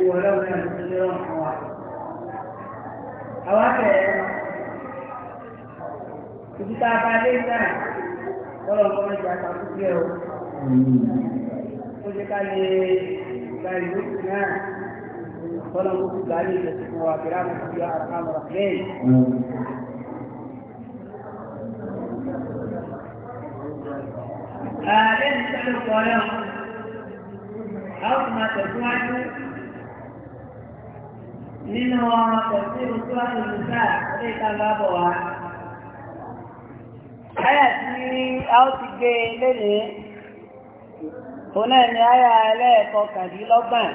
ولو لم تجرم حوادث حوادث ibi tá a bá dé náà lọ́rọ̀ nǹkan mẹ́jọ àtàkùnlé o ó jẹ́ ká lè gba ìlú náà lọ́nà ó ti gbà ní ìjọsìn fún wa kìlá mọ̀ sí àrùn nínú tẹ̀síru tó wáyé nígbà orí ìta bá bọ̀ wá. Àyà tí a ó ti gbé lélẹ̀, òun náà ni àyà ẹlẹ́ẹ̀kọkàndínlọ́gbọ̀n.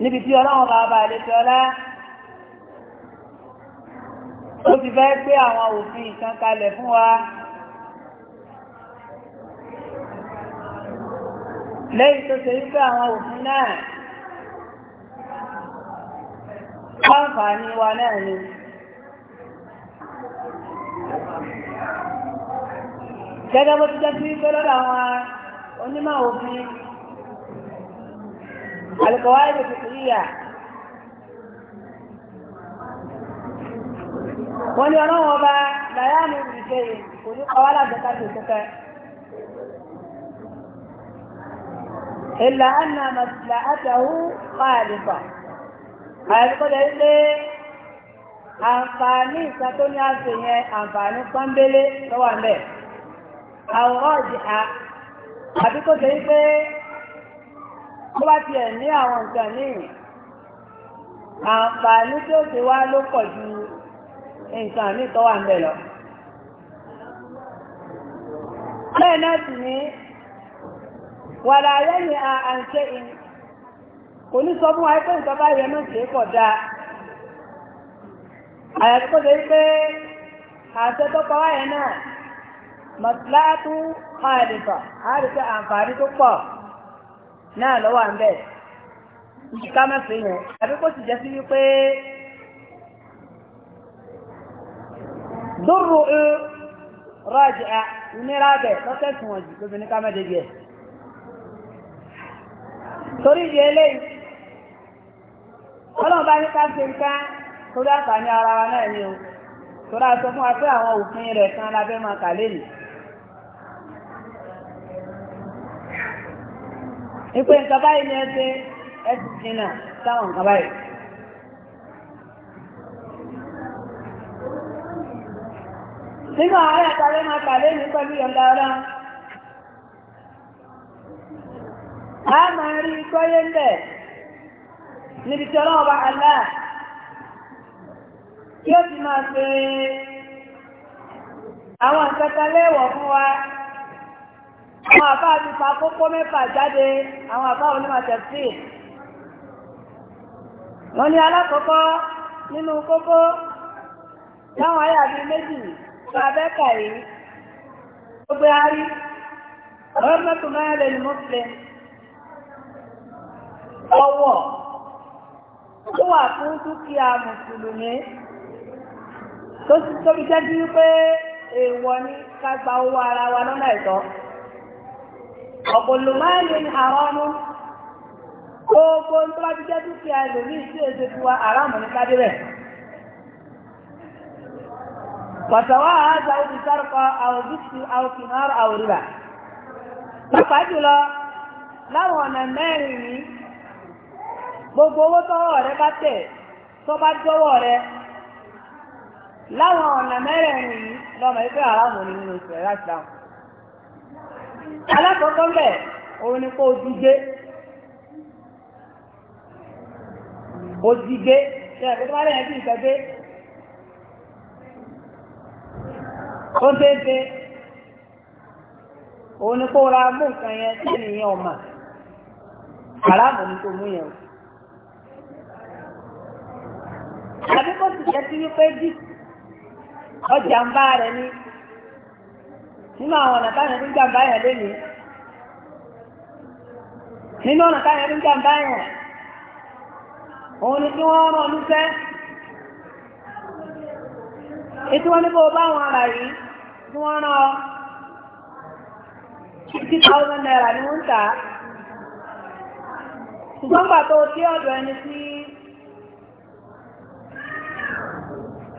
Níbi tí ọlọ́run bá bá àlejò ọlá, ó ti fẹ́ gbé àwọn òfin kan kalẹ̀ fún wa. Lẹ́yìn tó ṣe wípé àwọn òfin náà láǹfààní wa náà ni gẹ́gẹ́ bó ti jẹ́ sí pé lọ́dọ̀ àwọn onímọ̀ òfin alùpàá ìlú tuntun yíyà wọ́n ní ọlọ́run ọba làyà ní ìṣe kò ní kọ́wá lágbẹ́ká tó kẹ́kẹ́. إلا أن مسلأته خالصة àìkọ́jẹ́ pé àǹfààní ìsan tó ní àṣẹ yẹn àǹfààní pọ́nbélé tó wà ńbẹ̀ àwọn a. jẹ́ pé ó bá ní àwọn nǹkan ní àǹfààní tí ó ti lọ. bẹ́ẹ̀ náà sì ni wàlàyé ni à ń kò ní sọ fún wa pé nǹkan náà ṣe pọ̀ dáa pé àṣẹ tó pa wáyẹ náà mọ̀tíláàtú àìlèfà á àǹfààní tó pọ̀ náà lọ́wọ́ à ń bẹ̀ ìṣìká mẹ́fẹ́ fi sì jẹ́ sí wípé dúró rọ́ọ̀jì bẹ̀ wọ̀nyí lóbi ní ká torí ìdí eléyìí ọlọ́run bá ní ká ṣe nǹkan torí ara wa náà ni o a sọ àwọn òfin rẹ̀ kan lábẹ́ máa kà lé ìpè nǹkan báyìí ni ẹ ṣe ẹ ti nǹkan báyìí. nínú àwọn àtàlẹ́ máa kà lé pẹ̀lú ọlọ́run. a máa rí ikọ́ yé ń níbi tí ala a, kí o ti àwọn ìkẹta wọ fún wa àwọn àbá ti pa kókó jáde àwọn àbá onímọ̀ tẹ̀sí wọ́n ni alákọ̀ọ́kọ́ nínú kókó láwọn ayé àbí méjì tó abẹ́kà yìí gbogbo gbé arí ọ̀rọ̀ lè tó wà fún dúkìá mùsùlùmí tó ti tóbi jẹ́ bí pé èèwọ̀ ni ká gba owó ara wa lọ́nà ẹ̀tọ́ ọ̀pọ̀lọmọ́ẹ́lì ni àwọn ọmọ gbogbo tó bá ti jẹ́ dúkìá ẹlòmíì sí èdè fún wa aráàmù ní kádé rẹ̀ pàtàwà àádọ́ òbí sárùkọ àwòbísì àwòkìnnà àwòrìbà pàápàá jùlọ láwọn ọ̀nà mẹ́rin yìí gbogbo owó tọ́wọ́ rẹ bá tẹ̀ tó bá jọ̀wọ́ rẹ láwọn ọ̀nà mẹ́rẹ̀ẹ̀rin yìí lọ́mọ ẹgbẹ́ aráàmù ni nínú oṣù ẹ̀rá ìsìlámù alákọ̀ọ́kọ́ bẹ̀ òun ni kó ojúgbé ojúgbé ṣe ẹ̀kọ́ tó bá lẹ́yìn sí ìgbẹ́gbé ó ń tẹ́ńtẹ́ òun ni kó ra mú nǹkan yẹn tí ènìyàn ọ̀mà aráàmù ni kó mú yẹn o. àbí kò sì jẹ́ sí wípé ọjà ń bá ní nínú àwọn ọ̀nà táwọn ẹni ń jàǹbá yẹn nínú ọ̀nà táwọn ẹni ń jàǹbá yẹn òun ni kí wọ́n rán olúfẹ́ wọn ní kó bá ara yìí naira ni wọ́n ń tà ṣùgbọ́n tó tí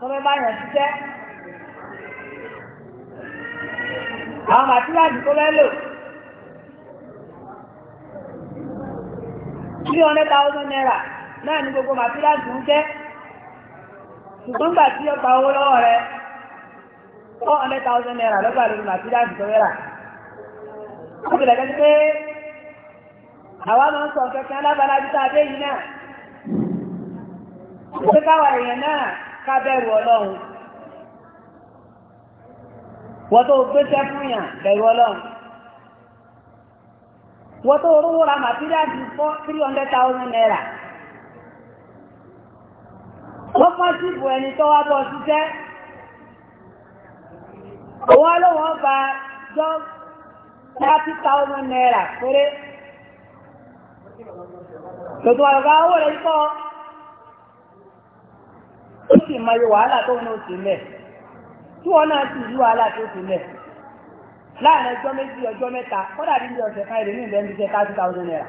tó fẹ́ bá yàn ṣiṣẹ́ àwọn màtíláàdì tó fẹ́ lò three hundred thousand naira náà ní gbogbo màtíláàdì ń jẹ́ ṣùgbọ́n gbà tí ó gba owó lọ́wọ́ rẹ̀ four hundred thousand naira lọ́gbà lórí màtíláàdì tó fẹ́ rà ó bẹ̀rẹ̀ kẹ́kẹ́ pé àwa máa ń sọ kẹ́kẹ́ alábàlájú tá a dé yìí náà ó pé èèyàn náà ká bẹ̀rù ọlọ́run wọ́n tó gbéṣẹ́ fún yàn bẹ̀rù ọlọ́run wọ́n tó rówó ra màtíríàdì fọ́ three hundred thousand naira wọ́n pọ́n síbò ẹni tó wá bọ́ ṣiṣẹ́ òun ọlọ́wọ́n gba jọ thirty thousand naira péré tòtò àlọ́gbà owó rẹ̀ ń kọ́ mọ iye wàhálà tóun náà sì lẹ̀ tí wọn náà sì yí wàhálà tó sì lẹ̀ láàrin ọjọ́ méjì ọjọ́ mẹ́ta kọ́dà bí ní ọ̀sẹ̀ kan ìrìnnì ìlẹ́nu iṣẹ́ thirty thousand naira.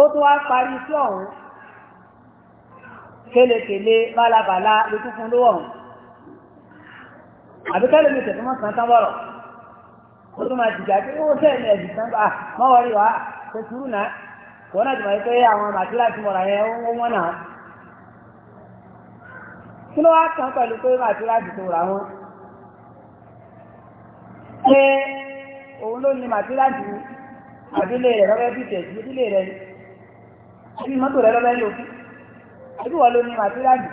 ó tún wá parí iṣẹ́ ọ̀hún kélekèle bálabàlá lójú fún lówó ọ̀hún àbíkẹ́lẹ̀ mi tẹ̀sán máa san tán bọ̀rọ̀ ó tún máa dìjà pé ó sẹ́yìn ẹ̀sìn tán ah, mọ́wọ́rí wa kò sùúrù náà wọ́n náà ti mọ̀ pé àwọn màtílà ti mọ̀ra yẹn ó wọ́n náà kí ló wá kàn pẹ̀lú pé màtílà ti tó ra wọn pé òun ló ní màtílà ti àdílé rẹ̀ lọ́wọ́ bí tẹ̀sí ìdílé rẹ̀ ní mọ́tò rẹ̀ lọ́wọ́ lò ẹbí wọ́n ló ní màtílà ti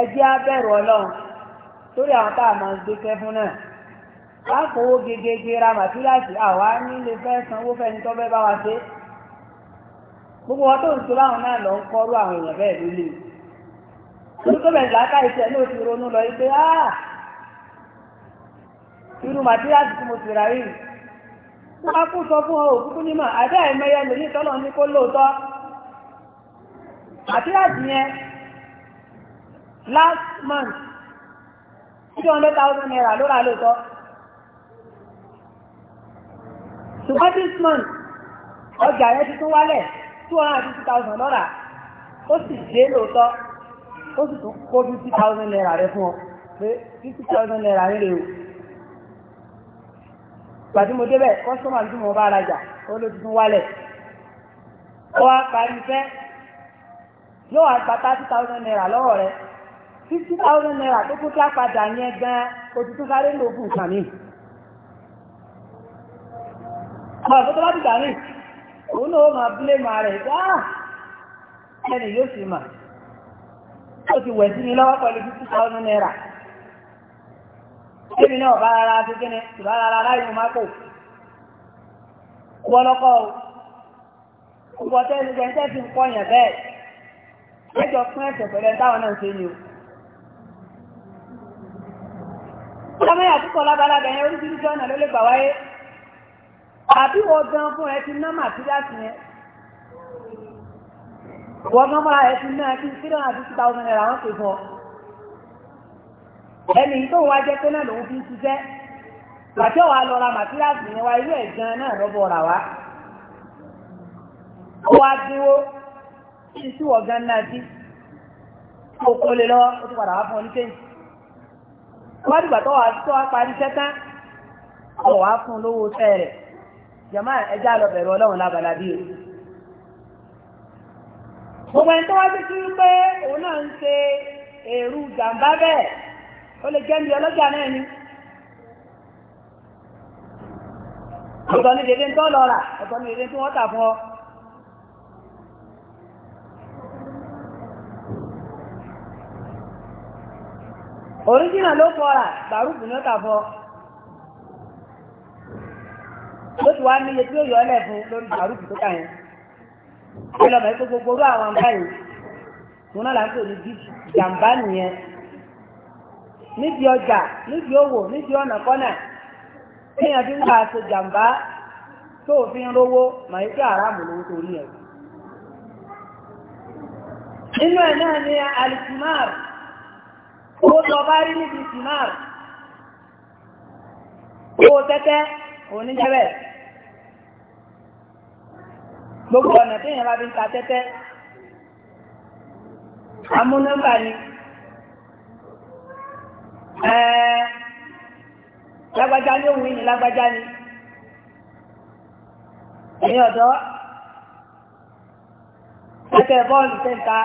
ẹjẹ́ abẹ́rù ọlọ́run torí àwọn tá máa ń gbé fún náà a kówó gegege ra màtíláàsì àwa nílé fẹ́ sanwó fẹ́ni tó bá wa ṣe gbogbo wọn ń náà lọ ń kọ́rú àwọn èèyàn bẹ́ẹ̀ lólè tó bẹ̀rẹ̀ láká iṣẹ́ lọ pé irú màtíláàsì tí mo sọ fún ọ òkúkú àdé tọ́lọ́ ní kó lóòótọ́ màtíláàsì yẹn last month two hundred thousand naira ló rà lóòótọ́. ṣùgbọ́n this month ọjà yẹn ti tún wálẹ̀ two hundred and fifty thousand lọ́ra ó sì dé lóòótọ́ ó sì tún kó fifty thousand naira rẹ fún ọ pé fifty thousand naira rẹ rè o gbàtí mo débẹ̀ kọ́sọ́mà tí mo bá rajà ó ló ti tún wálẹ̀ ó wá parí fẹ́ yóò wá gba thirty thousand naira lọ́wọ́ rẹ fifty thousand naira tó kún kí á padà yẹn gan-an ó sáré lóògùn kàmí. Àwọn àkótó bá dìgbà ní, òun náà máa bílé máa rẹ̀ gbá ah, ẹni yóò sì mà. Ó ti wẹ̀ sí mi lọ́wọ́ pẹ̀lú fifty thousand naira. Kémi náà bá rárá fi kíni, ìbá rárá láì mú mákò. Gbọ́lọ́kọ́ o, gbogbo ọ̀tẹ́ ẹni gbẹ̀ntẹ́ fi ń kọ́yàn bẹ́ẹ̀. ni o. Ọmọ yàtúkọ̀ lábalábẹ̀ yẹn oríṣiríṣi ọ̀nà ló lè gbà wáyé. àbí wọ́n gan fún ẹ ti ná màtíríàsì yẹn wọ́n gan fún ẹ ti ná ẹtí three hundred fifty thousand naira wọ́n ti ẹnì tó wá jẹ́ pé náà lòun fi ń ṣiṣẹ́ pàṣẹ wàá lọ ra màtíríàsì yẹn wá irú ẹ̀ gan náà lọ́bọ̀ wá ó wá dúró kí n gan náà sí ọ ní kéyìn wọ́n tó Jamaa ẹja lọ bẹ̀rù ọlọ́run lábala bí o. gbogbo ẹni tó wá sí kí pé òun náà ń ṣe èrú jàǹbá bẹ́ẹ̀ ó lè jẹ́ ọlọ́jà ni. ọ̀tọ̀ tó ọ̀tọ̀ tí tà fún ọ. oríjìnà ló tà fún ó ti wá ní iye tí ó yọ ọlẹ̀ fún lórí àrùkù tó kà yẹn ó lọ mọ̀ ẹ́ gbogbo orú àwọn báyìí mo náà là ń pè ní gíjì jàǹbá nìyẹn níbi ọjà níbi òwò níbi ọ̀nà kọ́nà téèyàn fi ń gbà ṣe jàǹbá tó fi ń rówó mọ̀ ẹ́ pé àràmù lówó torí ẹ̀ nínú ẹ̀ náà ni alitimar owó tó bá rí níbi timar owó tẹ́tẹ́ òní jẹ́ bẹ́ẹ̀ gbogbo ọ̀nà tí èèyàn bá fi ń ta tẹ́tẹ́ amúnámbà ni lágbájá ní òun yìí lágbájá ni ẹ̀yin ọ̀dọ́ tẹ́tẹ́ bọ́ọ̀lù tẹ́ta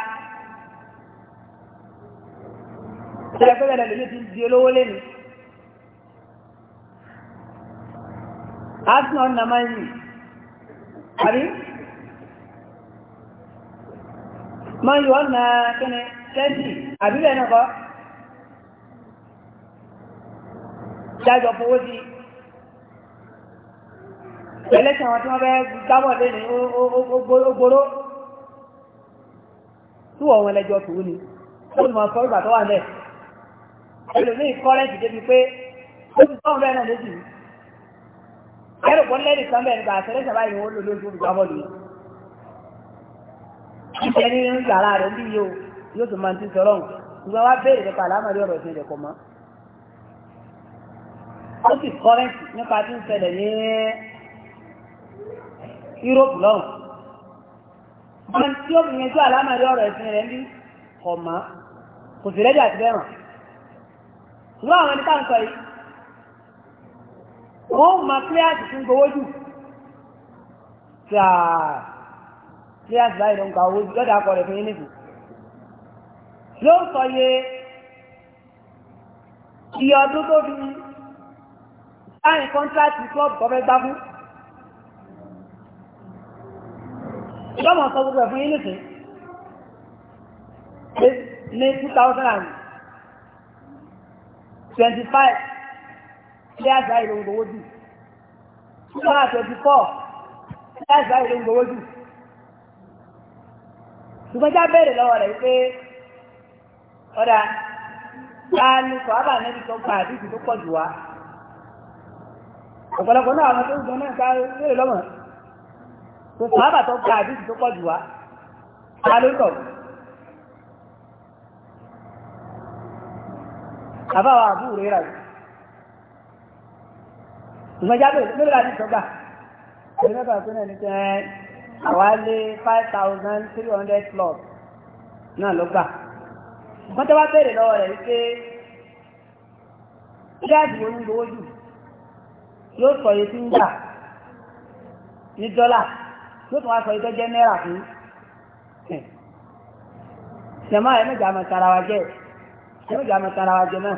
tẹ́lẹ̀ pé bẹ̀rẹ̀ lèmi ti di olówó lẹ́nu arsenal nàmáyé àbí máa yọ ọ́nà kíni tẹ́ǹtì àbílẹ̀ náà kọ́ dájọ fowó sí ẹlẹ́sìn àwọn tí wọ́n fẹ́ gbábọ̀ lé ní ogboro tí wọ́n wọn lẹ́jọ́ tòun ni ó lè máa sọ ìgbà tó wà lẹ̀ ẹlòmíì kọ́rẹ́ǹtì débi pé ó ti sọ́hún bẹ́ẹ̀ náà lójú ẹ̀rọ pọ́nlẹ́rì kan bẹ́ẹ̀ nígbà àtẹ́lẹ́sìn báyìí wọ́n lò lójú olùgbàbọ̀ nìyẹn ìṣe ní ń sàrà rẹ̀ bí yóò yóò tó máa ti sọ̀rọ̀ ìgbà wá béèrè nípa àlámọ̀rí ọ̀rọ̀ ìṣe rẹ̀ kọ̀ mọ́. ó sì kọ́rẹ́ǹtì nípa tí ń ṣẹlẹ̀ ní Europe lọ́hùn. wọ́n tí ó gbìyànjú àlámọ̀rí ọ̀rọ̀ ìṣe rẹ̀ ní kọ̀ mọ́ kò sì rẹ́jà ti bẹ́ẹ̀ hàn. ṣùgbọ́n àwọn ẹni táwọn sọ yìí wọ́n máa kílíàsì fún gbowó jù bí a sì báyìí ló ń ka owó lọ́dà akọ rẹ̀ fún yín nìkú ló ń sọ iye iye ọdún tó fi sáyìn kọ́ńtráàtì klọ́ọ̀bù tó fẹ́ gbá fún lọ́mọ sọ gbogbo ẹ̀ fún yín ní two thousand and twenty five bí a sì báyìí ló ń gbowó jù two thousand and twenty ń gbowó jù tùgbọ́njá bẹ̀rẹ̀ lọ́wọ́ rẹ̀ pé ọ̀dà láàánú sọ ábà nẹ́bí tó gba àdìsí tó pọ̀ jù wá ọ̀pọ̀lọpọ̀ náà àwọn tó ń gbọ́n náà ká bẹ̀rẹ̀ lọ́mọ̀ tó sọ ábà tó gba àdìsí tó pọ̀ jù wá ta ló tọ̀ àbáwọ̀ àbúrò rẹ̀ rà tùgbọ́njá bẹ̀rẹ̀ lọ́wọ́ àdìsí tó gbà àwálé five thousand three hundred plus náà ló gbà wọ́n tẹ́ bèèrè lọ́wọ́ rẹ̀ wípé ń gbowó jù yóò sọ yìí tí ń gbà ní dọ́là yóò tún wá sọ yìí tó jẹ́ náírà fún ṣẹ̀mọ́ ẹ̀ mẹ́jọ tara wa jẹ́ ẹ̀ mẹ́jọ tara wa jẹ́ náà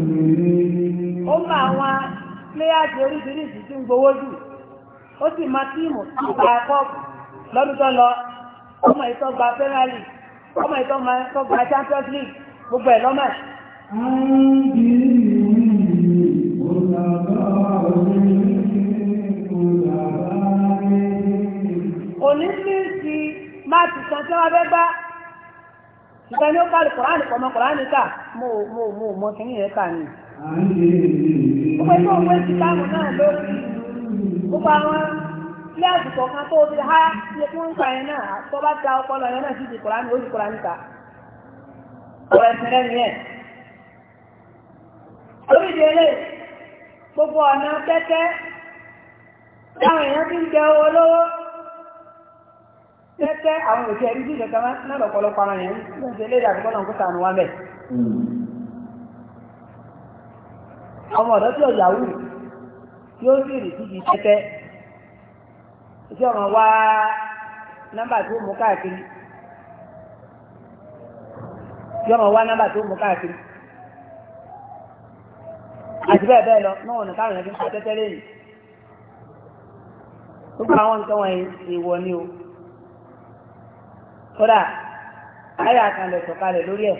ó mọ àwọn pléyàtì oríṣiríṣi tí ń gbowó jù ó sì mọ tíìmù tí ó gba lọ́dún tó lọ ọmọ ìtọ́ gba ọmọ ìtọ́ gba champions league gbogbo ẹ̀ lọ́mọ̀ òní ti máa ti tí wọ́n fẹ́ gbá mo mo mo mo Gbogbo ẹgbẹ́ òun ti dáàbò náà lórí gbogbo àwọn ilé àsìkò kan tó ti há ha tí wọ́n ń náà tó bá da ọpọlọ yẹn náà sí ti kùránì ó ti gbogbo ọ̀nà kẹ́kẹ́ táwọn èèyàn ti ń jẹ owó kẹ́kẹ́ àwọn òṣèré kan náà lọ́pọ̀lọpọ̀ ń ṣe ọmọ ọ̀dọ́ tí ọ̀yà wù tí ó sì rìn síbi tẹ́tẹ́ tí ọmọ wá nọ́mbà tó mú káàkiri tí ọmọ wá nọ́mbà tó mú káàkiri àti bẹ́ẹ̀ bẹ́ẹ̀ lọ náà ọ̀nà káwọn ẹ̀dínkù tẹ́tẹ́ lẹ́yìn gbogbo àwọn nǹkan wọ̀nyí èèwọ̀ ni o kódà ayé àkànlẹ̀ sọ̀kalẹ̀ lórí ẹ̀.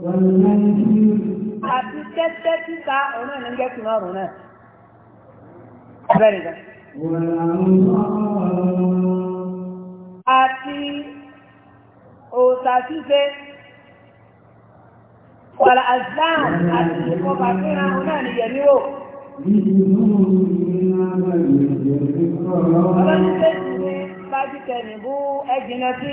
àti tẹ́tẹ́ títa ọ̀nà ní gẹ́kùn náà náà bẹ́ẹ̀ nìkan àti òòsà ṣíṣe wàlà àzáàn àti ọba kíra ọ̀nà ní yẹ̀míwò ọlọ́ni tẹ́tẹ́ bá jíkẹ̀ nìbú ẹgbìnà sí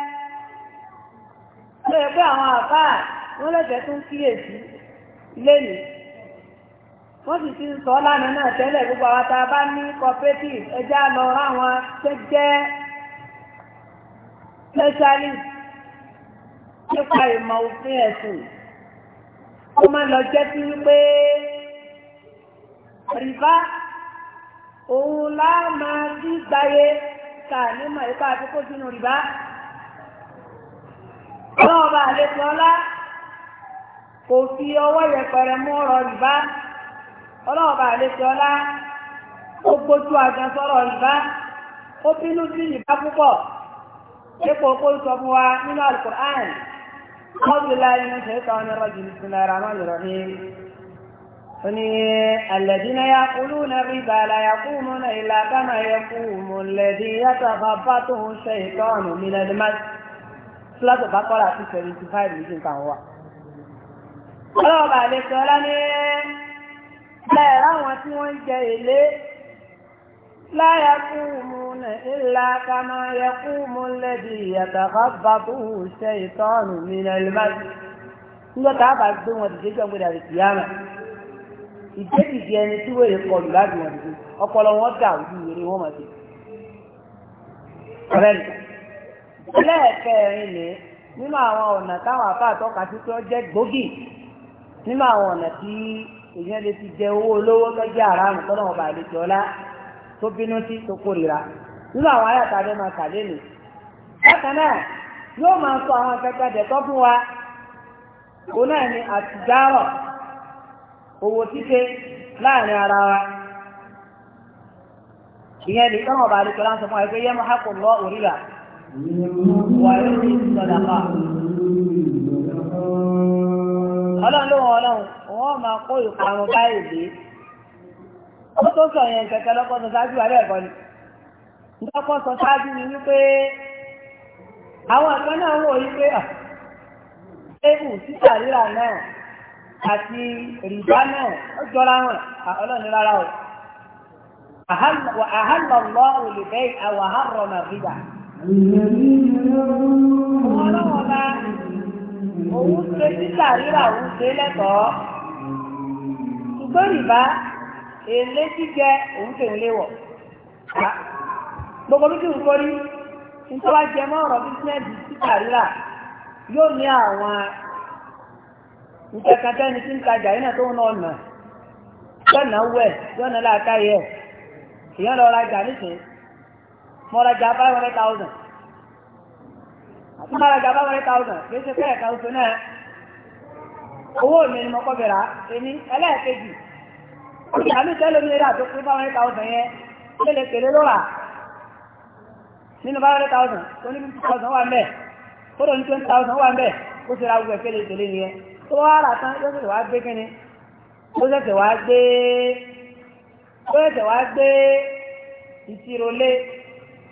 tó yẹ pé àwọn àfáà wọ́n lẹ́fẹ̀ẹ́ tún kíyèsí lẹ́nu wọ́n sì ti ń sọ lánàá náà tẹ́lẹ̀ gbogbo àwọn tá bá ní cooperative ẹja lọ ráwọn tó specialist nípa ìmọ̀ òfin ẹ̀sìn ó máa lọ jẹ́ sí wípé rìbá òun láà máa dí ká nímọ̀ ipa àti sínú rìbá ọlọ́ọ̀bá àlẹ́sọ́lá kò fi ọwọ́ yẹpẹrẹ mú ọ̀rọ̀ rìbá ọlọ́ọ̀bá àlẹ́sọ́lá ó gbójú àjọ sọ̀rọ̀ rìbá ó bínú sí rìbá púpọ̀ dípò kó sọ fún wa nínú alukur'an kọ́bìlá inú ṣètò ọ̀nà rọ̀jì ní sinmi ara máa lọ̀rọ̀ ní oni alẹ́dínà ya kúlù náà rí bàálà ya kú mú ìlà kánà ya kú mú lẹ́dí yàtọ̀ àfàfà tó ṣe ìtọ́ mi lẹ́dí máa sílátọ̀ bá kọ́ra sí seventy five méjì nǹkan wà. ọlọ́ọ̀bà àlejò ọlá ní bẹ́ẹ̀ láwọn tí wọ́n ń jẹ èlé láyà kú mu ilà kama yẹ kú mu lẹ́bi yàtàkà bàbú ṣe ìtọ́nù mi nà lùmáàdì. nígbà tá a bá gbé wọn dìde jọ gbéra kìyàmà ìdébìdì ẹni tí wèrè kọlù láti wọn dìde ọpọlọ wọn dà ojú wèrè wọn mà dé. ọ̀rẹ́ nìkan. ẹlẹ́ẹ̀kẹrin ni nínú àwọn ọ̀nà táwọn àfáà tọ́ka sí pé jẹ́ nínú àwọn ọ̀nà tí èèyàn lè ti jẹ owó olówó lọ́jọ́ ara àrùn tọ́nà ọba àlejò ọlá tó bínú sí tó kórìíra nínú àwọn ayàtà máa nì. bákan náà yóò máa sọ àwọn akẹ́kọ̀ọ́ fún wa òun náà ni owó láàrin ara wa ìyẹn lè tọ́nà ọba àlejò ọlá ń sọ fún wa pé wà lórí ìsọdàpá ọlọ́run ló wọ́n ọlọ́run wọ́n máa kó ìparun báyìí ó tó sọ yẹn kẹ̀kẹ́ lọ́kọ́ sọ ṣáájú wa bẹ́ẹ̀ kọ́ ni lọ́kọ́ sọ ṣáájú ni wípé àwọn àgbọn náà wò yí pé ẹ̀bù títà rírà náà àti rìbá náà ó jọra wọn ọlọ́run rárá o àhàlọ́ ọ̀lùbẹ́ àwọn àhàrọ̀ màrídà. Àwọn èlé jíjẹ òun tèun léwọ̀. Gbogbo bí kí n kórí, nítorí wá jẹ mọ́ ọ̀rọ̀ bísínẹ́ẹ̀dì títà yóò ní àwọn ìtẹ̀kẹ́tẹ́ ni tí ń tajà yìí tó ń lọ nà. Yọ̀nà wẹ̀, yọ̀nà láàkáyẹ̀, mo ra ja five hundred thousand àti mo ra ja five hundred thousand kì í ṣe pé ẹ̀ka oṣù náà owó mi ni mo kọ́ bẹ̀rẹ̀ èmi ẹlẹ́ẹ̀kejì àmì tẹ́lẹ̀ mi rà tó pé five hundred thousand yẹn ṣe lè kéré ló rà nínú five hundred thousand tó ní fifty thousand wà ń bẹ̀ tó lọ ní twenty thousand wà ń bẹ̀ ṣe ra gbogbo ẹ̀kẹ́ lè tẹ̀lé nìyẹn tó wá rà tán yóò ṣẹ̀ṣẹ̀ wá gbé kíni ó ṣẹ̀ṣẹ̀ wá gbé ó ṣẹ̀ṣẹ̀ wá gbé ìṣirò lé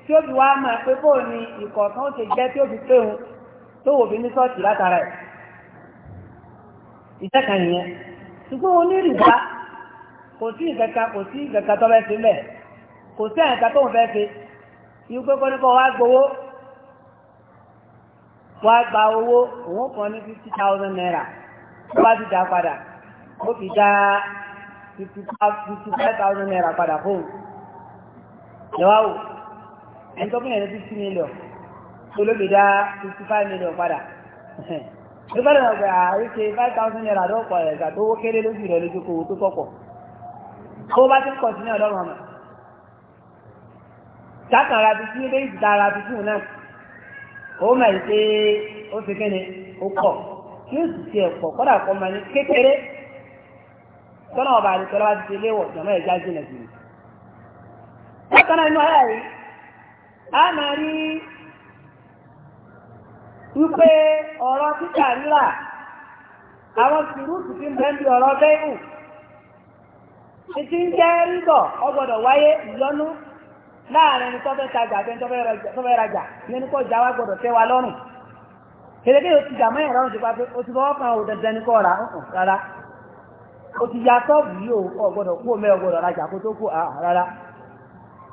tí ó fi wá máa pé bó ni ìkọ̀ọ̀kan ó ti jẹ́ tí ó fi pé òun tó wò bí ní sọ́ọ̀tì látara ẹ̀ ìjẹ́ka nìyẹn ṣùgbọ́n onírìbá kò sí ìgbẹ̀ka kò sí ìgbẹ̀ka tó fẹ́ sílẹ̀ kò sí àyẹ̀ka tó ń fẹ́ ṣe irú pé kọ́nìkan wá gbowó wá gba owó òun kan ní fifty thousand naira tó bá ti dá padà ó fi dá fifty five thousand naira padà fóun ìwáwò ẹni tó fún yẹn ní fifty million olóbi dá fifty five million padà ló bá lọ́wọ́ pé àríkè five thousand naira lọ́pọ̀ ẹ̀gbà tó wó kéré lójú rẹ̀ lójú kòwò tó kọ̀pọ̀ owó bá ti ń kọ̀ sí ní ọlọ́run ọmọ sákàn ra bíi ilé ìdá ra bíi fún náà ó mọ̀ ẹ́ pé ó fi kéde ó pọ̀ kí ó sì tiẹ̀ pọ̀ kọ́dà kọ́ máa ní kékeré tọ́nà ọba àdìsọ́lá ti ṣe léwọ̀ jọ̀mọ́ ẹ̀já jìnà jìnà. bákan náà inú ayé yìí a máa rí wípé ọ̀rọ̀ títà rírà àwọn sùúrùtù ti ń bẹ́ẹ̀ bí ọ̀rọ̀ bẹ́ẹ̀rù ti ń jẹ́ rígbọ̀ ọgbọ́dọ̀ wáyé ìyọnú láàrin ẹni tó tajà àti ẹni tó rajà wá gbọ́dọ̀ tẹ́ wa lọ́rùn o ti jà mọ́ ìrọ̀rùn ti pa pé o ti fọwọ́ kan o dandan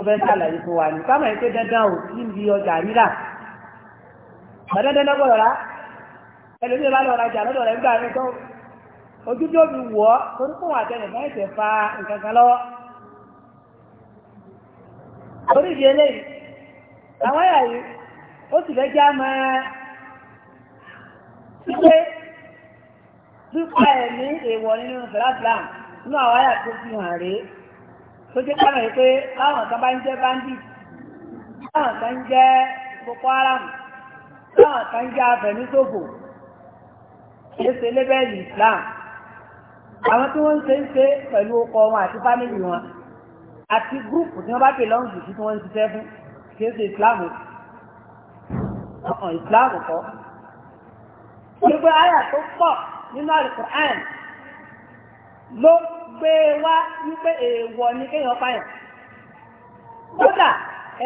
ọbẹ̀ sàlàyé fún wa ní kámọ̀ ìpé dandan ò ọjà rírà ọ̀dẹ́dẹ́dẹ́ gbọ́dọ̀ rá bá lọ rajà lọ́dọ̀ rẹ̀ nígbà rẹ̀ tó ojú tó fi wọ̀ ọ́ torí fún wa tẹ́lẹ̀ fa nǹkan tó jẹ́ ká mẹ́rin pé àwọn kan bá ń jẹ́ bandit àwọn kan ń jẹ́ Boko Haram àwọn kan ń jẹ́ abẹ̀mísòfò ṣeéṣe lébẹ́ẹ̀lì Islam àwọn tí wọ́n ń ṣe ń ṣe pẹ̀lú ọkọ wọn àti fámìlì wọn àti gúrùpù tí wọ́n bá pè lọ́hùn sí tí wọ́n ń ṣiṣẹ́ fún ṣeéṣe Islam ọ̀hún Islam kọ́ gbogbo àyà tó pọ̀ nínú Al-Qur'an ló gbé wá wípé èèwọ̀ ni kéèyàn pààyàn kódà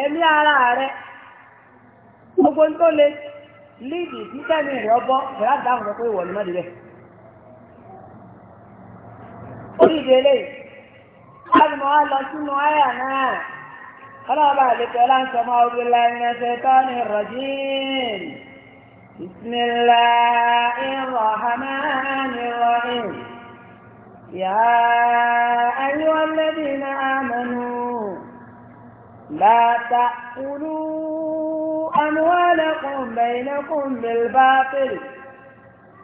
ẹ̀mí ara rẹ̀ gbogbo tó le líìdì sísẹ́mi rẹ̀ ọbọ̀ ìyá dáhùn sọ pé ìwọ̀ ni mọ́dìbẹ̀ oríṣi eléyìí láti mọ́ lọ sínú àyà náà ọlọ́ọ̀bà àlejò ọláńsọmọ obìnrin ẹ̀ṣẹ̀ tọ́ni rọ̀jìn بسم الله يا أيها الذين آمنوا لا تأكلوا أموالكم بينكم بالباطل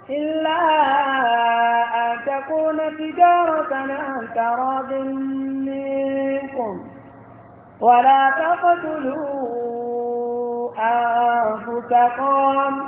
إلا أن تكون تجارة عن تراض منكم ولا تقتلوا أنفسكم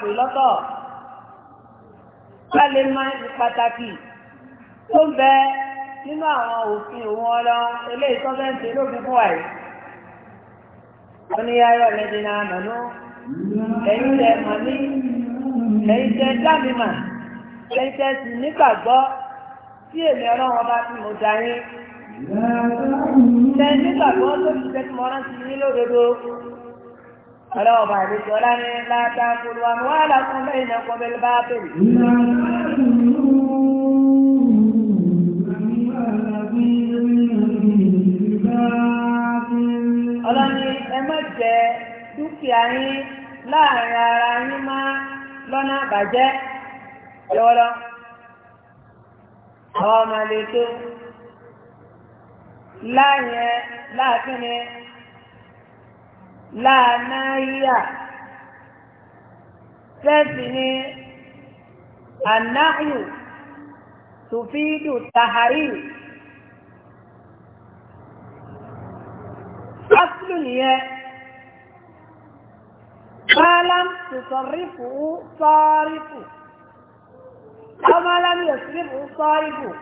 pè lọ́tọ̀ ká lè mọ pàtàkì tó ń bẹ nínú àwọn òfin òun ọlọ́run eléyìí tó fẹ́ ń ṣe lófin fún wa yìí. wọ́n ní ayọ̀ lẹ́dí náà mọ̀nú ẹ̀yin tẹ mọ̀ ní ẹ̀yin tẹ dábì mà ẹ̀yin tẹ sì nígbàgbọ́ tí èmi ọlọ́run ọba tí mo dá yín. tẹ nígbàgbọ́ tó ti tẹ́ tí mo rántí yín lódodo ọlọ́wọ́ bá lè jọ lárí látà kúrò àwọn alákùn lẹ́yìn ẹ̀kọ́ bẹ́ẹ̀ bá bẹ̀rẹ̀. ọlọ́ni ẹ má dúkìá yín láàrin ara yín má lọ́nà àbàjẹ́ yọ̀ọ́lọ́ ọmọ lè tó láàyè láàfin ni láàánáyà tẹ́sì ni anáhù tùfídù tàhárì asìlù nìyẹn máàlám tùsọ̀rífù sọ́rífù أو ما لم يصرفه صارفه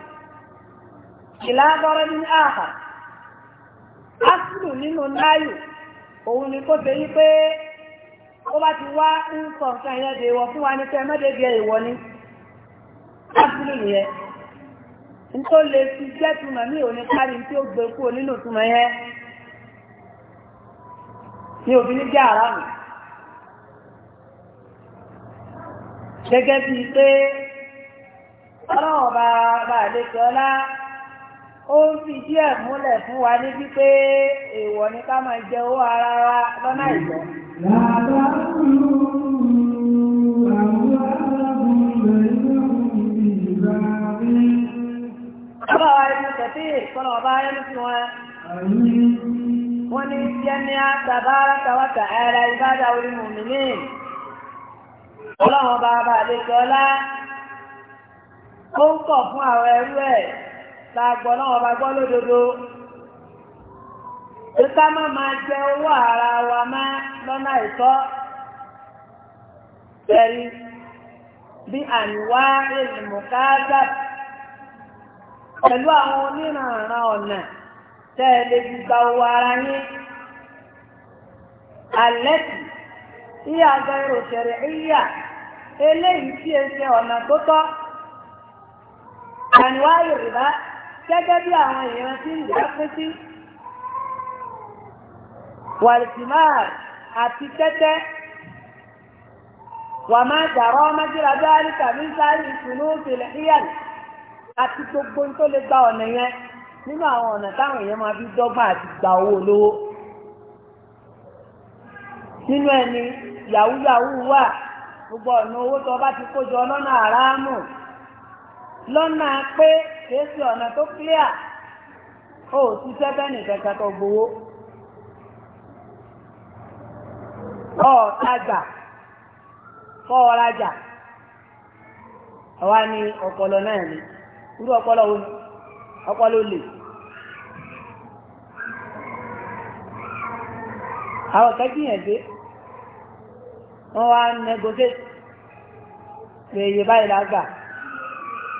إلى ضرب آخر أصل منه النايو òun ni kó ṣe yí pé ó bá ti wá nǹkan nǹkan yẹn dè wọ fún wa ní pé mẹ́tẹ̀ẹ̀dì ẹ̀ ìwọ ni ápùlù nìyẹn nítorí lè fi jẹ́ túmọ̀ ní òní kárí tí ó gbé kúrò nínú túmọ̀ yẹn ní òbí ní jẹ́ àrámù gẹ́gẹ́ bíi pé ọlọ́wọ́ bá bá àlejò ọlá ó ń fìdí ẹ̀ múlẹ̀ fún wa níbi pé èèwọ̀ ni ká máa jẹ owó ara wa lọ́nà ìlọ. Bàbá wa ẹni tẹ̀sí ìkọlọ̀ ọba ẹni tí wọn. Wọ́n ní Jẹ́mi Àtàbáràkà wàtà ẹ̀rẹ̀ ìbádà orí mùmìnì. Ọlọ́run ọba bàbá àlejò ọlá. Ó ń kọ̀ fún àwọn ẹrú ẹ̀. tá gbọ́ náà ọba gbọ́ lódodo kíkà má máa jẹ owó ara wa má lọ́nà ìtọ́ bẹ̀rí bí àníwá èlùmọ̀ká gbà pẹ̀lú àwọn onírànràn ọ̀nà tẹ́ ẹ lè fi gba owó ara yín alẹ́ tì ìyá agbẹ́rò òṣèré ìyá eléyìí tí e ṣe ọ̀nà tó gẹ́gẹ́ bí àwọn èèyàn ti ń dá pín sí wàlìtìmáà àti tẹ́tẹ́ wà máa dàrọ́ májìlá bí àríkà ní sáré ìtùnú ìpìlẹ̀ híyàn àti gbogbo tó lè gba ọ̀nà yẹn nínú àwọn ọ̀nà táwọn èèyàn máa fi dọ́gbọ́n àti gba owó olówó nínú ẹni yàwúyàwú wà gbogbo ọ̀nà owó tó lọ́nà pé esi ọ̀nà tó clear ó sì sẹ́fẹ́ nìkan tó gbowó ọ̀ọ́tajà kọ́ ọ̀rajà ni ọpọlọ náà ni irú ọpọlọ ọpọlọ lè àwọn kan gbìyànjú wá negotiate pé iye báyìí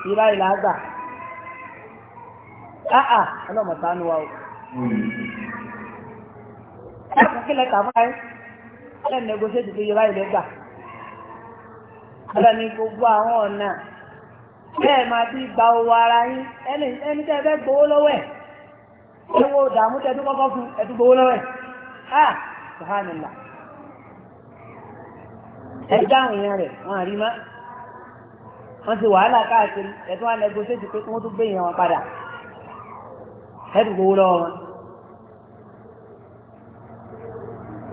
ìlà ìlà a ah, áà ah, ọlọ́mọ̀ta ní o ẹ̀kùn kílẹ̀ kàfáì ẹ̀lẹ́ negotiate pé ìlà ìlẹ̀ gbà ọlọ́ni gbogbo àwọn ọ̀nà bẹ́ẹ̀ ma ti gba owó ara yín ẹni tẹ́ fẹ́ gbowó lọ́wọ́ owó ìdààmú tẹ́ tó kọ́kọ́ fún gbowó wọ́n ti wàhálà káàkiri ẹ̀tọ́ wọn lẹ́gbọ́n ṣéjì pé kí wọ́n tún gbé èèyàn wọn padà ẹ̀dùn gbowó lọ́wọ́ wọn.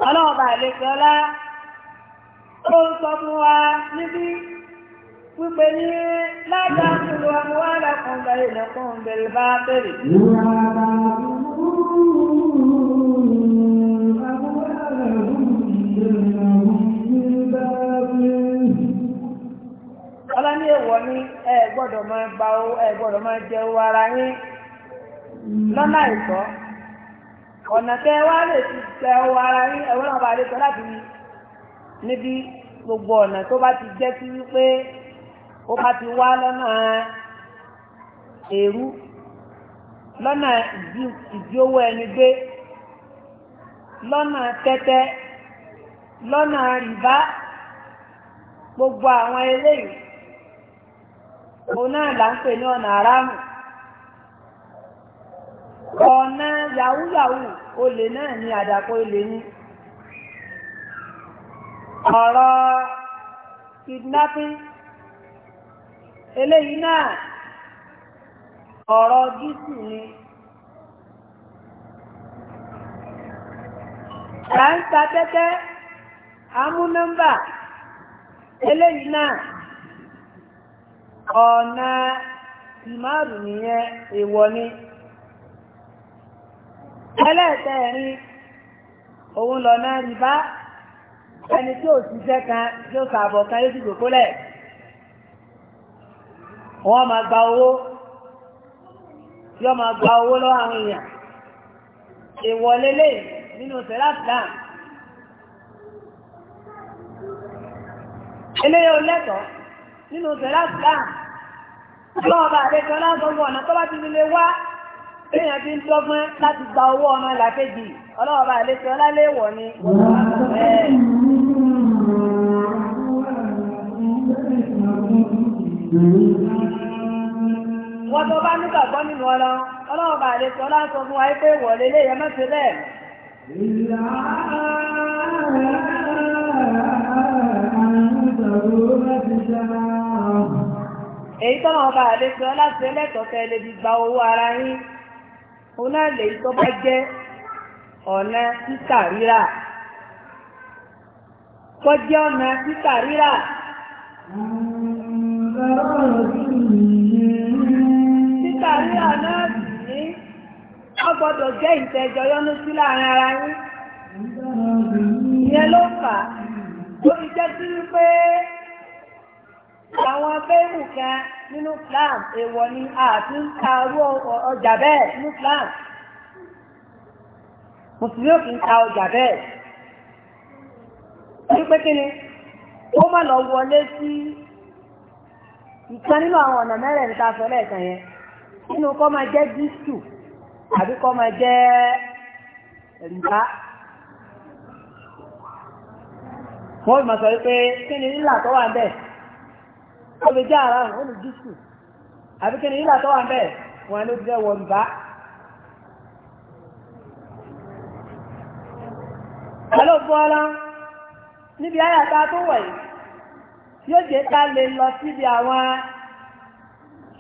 ọlọ́ọ̀bà àlejò ọlá ó ń sọ fún wa níbí wípé ní látàkùn lọ́wọ́ wọn lọ́kùnrin lẹ́kùnrin bẹ̀rẹ̀ bá bẹ̀rẹ̀. yín ẹ gbọ́dọ̀ máa gba owó ẹ gbọ́dọ̀ máa jẹ owó ara yín lọ́nà ìtọ́ ọ̀nà tẹ wá lè ti gba owó ara yín ẹ̀wọ́n náà bá lè sọ láti níbi gbogbo ọ̀nà tó bá ti jẹ́ sí wípé ó bá ti wá lọ́nà èrú lọ́nà ìdí owó ẹni gbé lọ́nà tẹ́tẹ́ lọ́nà rìbá gbogbo àwọn eléyìí òun náà là ń pè ní ọ̀nà aráàmù ọ̀nà yàwúyàwú olè náà ni àdàpọ̀ olè ní ọ̀rọ̀ kidnapping eléyìí náà ọ̀rọ̀ gísù ni là ń ta tẹ́tẹ́ eléyìí náà ọ̀nà ìmáàrù nìyẹn èwọ̀ ni ẹlẹ́ẹ̀tẹ́ẹ̀rin òun na rìbá ẹni tí ò ṣiṣẹ́ kan tí ó sàbọ̀ kan yóò sì gbòkólẹ̀ wọ́n ma gba owó yọ ma gba owó lọ́wọ́ àwọn èèyàn ìwọlélé nínú sẹ́láfìlán eléyìí lẹ́tọ̀ọ́ nínú sẹ̀rá islam ọlọ́ọ̀bà àdéjọ lágbogbo ọ̀nà tó bá ti nílé wá èèyàn ti ń tọ́gbọ́n láti gba owó ọmọ làkejì ọlọ́ọ̀bà àdéjọ láléwọ̀ ni wọ́n tó bá nígbàgbọ́ nínú ọlọ́ ọlọ́ọ̀bà àdéjọ lásọ fún wa pé wọ̀lé lè yẹ mọ́sílẹ̀ èyí tọ́nà ọba àlejò aláṣẹ lẹ́tọ̀ọ́tẹ́ lè gba owó ara yín òun náà lè bá jẹ́ ọ̀nà títà rírà kọjá ọ̀nà títà rírà. títà rírà náà ní gbọ́dọ̀ jẹ́ ìtẹ́jọ́ yọ́nú sí láàrin ara yín ìyẹn ló fà lórí jẹ́ sí pé àwọn abẹ́rù kan nínú Plan. èèwọ̀ ni àti ń ta irú ọjà bẹ́ẹ̀ nínú Islam mùsùlùmí ò kì ń ta ọjà bẹ́ẹ̀ wípé kí ni ó má lọ wọlé sí ìkan nínú àwọn ọ̀nà mẹ́rẹ̀ẹ̀rin ta sọ lẹ́ẹ̀kan yẹn nínú kọ́ máa jẹ́ dísù àbí kọ́ máa jẹ́ rìbá. wọ́n ma sọ wípé kí ni ìlà tó wà ń bẹ̀ ó lè jẹ́ ara ó lè jísù àbí kí ni ìlà tó wà ń bẹ̀ wọ́n ló ti fẹ́ wọ̀ nùbá. Hello Bọ́lá níbi àyàtà tó wọ̀ yìí yóò jẹ́ ká lè lọ síbi àwọn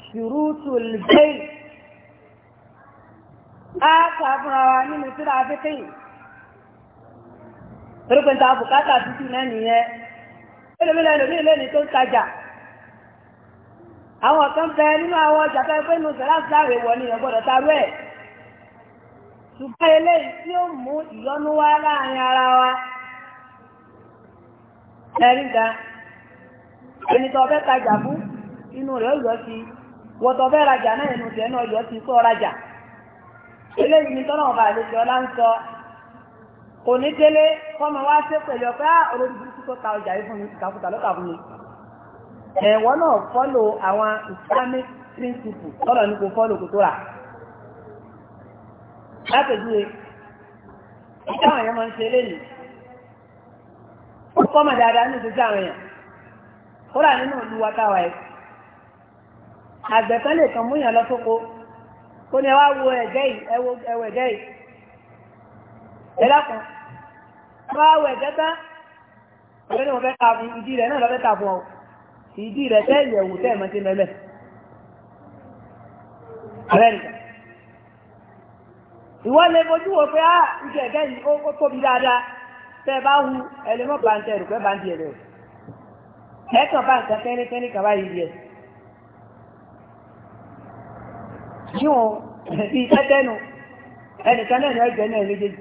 ṣùrùtù lè bẹ́ẹ̀. A kà wa nínú síra Afrika yìí. torípé ta bùkátà tútù náà nìyẹn ẹlòmílẹ̀ ẹlòmílẹ̀ lẹ́ni tó ń tajà àwọn kan bẹ nínú àwọn ọjà tó ẹgbẹ́ inú sẹ́lá sáré wọ̀ ni ọgbọ́dọ̀ tarú ẹ̀ ṣùgbọ́n eléyìí tí ó mú ìyọnu wá láàrin ara wa ẹ̀rí ga ẹni tó fẹ́ tajà fún inú rẹ̀ ó sí wọ́tọ̀ fẹ́ rajà náà ẹnu tẹ̀ náà yọ sí kó rajà eléyìí ni kò ní délé kọ́mọ wá ṣe pẹ̀lú ọ̀pẹ́ ah, ta ọjà yìí fún mi kàkúta ló kà mi. ẹ̀wọ́n náà fọ́lò islamic principle tọ́lọ̀ ní kò fọ́lò kò tó rà. látọ̀júwe ìjà àwọn èèyàn máa ń ṣe eléyìí. ó kọ́mọ dáadáa ní ìdójú àwọn èèyàn. nínú ìlú wa táwa ẹ̀. àgbẹ̀ kan lè kàn lọ sóko kó wo ẹ̀jẹ̀ yìí ẹ wo ẹ̀dá kan máa wẹ̀ tẹ́tẹ́ ọ̀rẹ́ ni wọ́n fẹ́ ta fún ìdí rẹ̀ náà lọ́fẹ́ ta fún ọ ìdí rẹ̀ tẹ́ ìyẹ̀wò tẹ́ ìmọ̀ sí mẹ́lẹ̀ ọ̀rẹ́ nìkan ìwọ lè fojú wo pé á ah, ìṣe ẹ̀gẹ́ yìí ó tóbi dáadáa tẹ́ ẹ bá hu ẹlẹ́mọ̀ bá ń tẹ ẹ̀rù pé bá ń di o ẹ̀kan bá nǹkan kẹ́nikẹ́ni kàwá yìí di ẹ̀ yíwọ̀n bíi tẹ́tẹ́nu ẹnìkan náà ni ọ̀jẹ̀ náà méjèèjì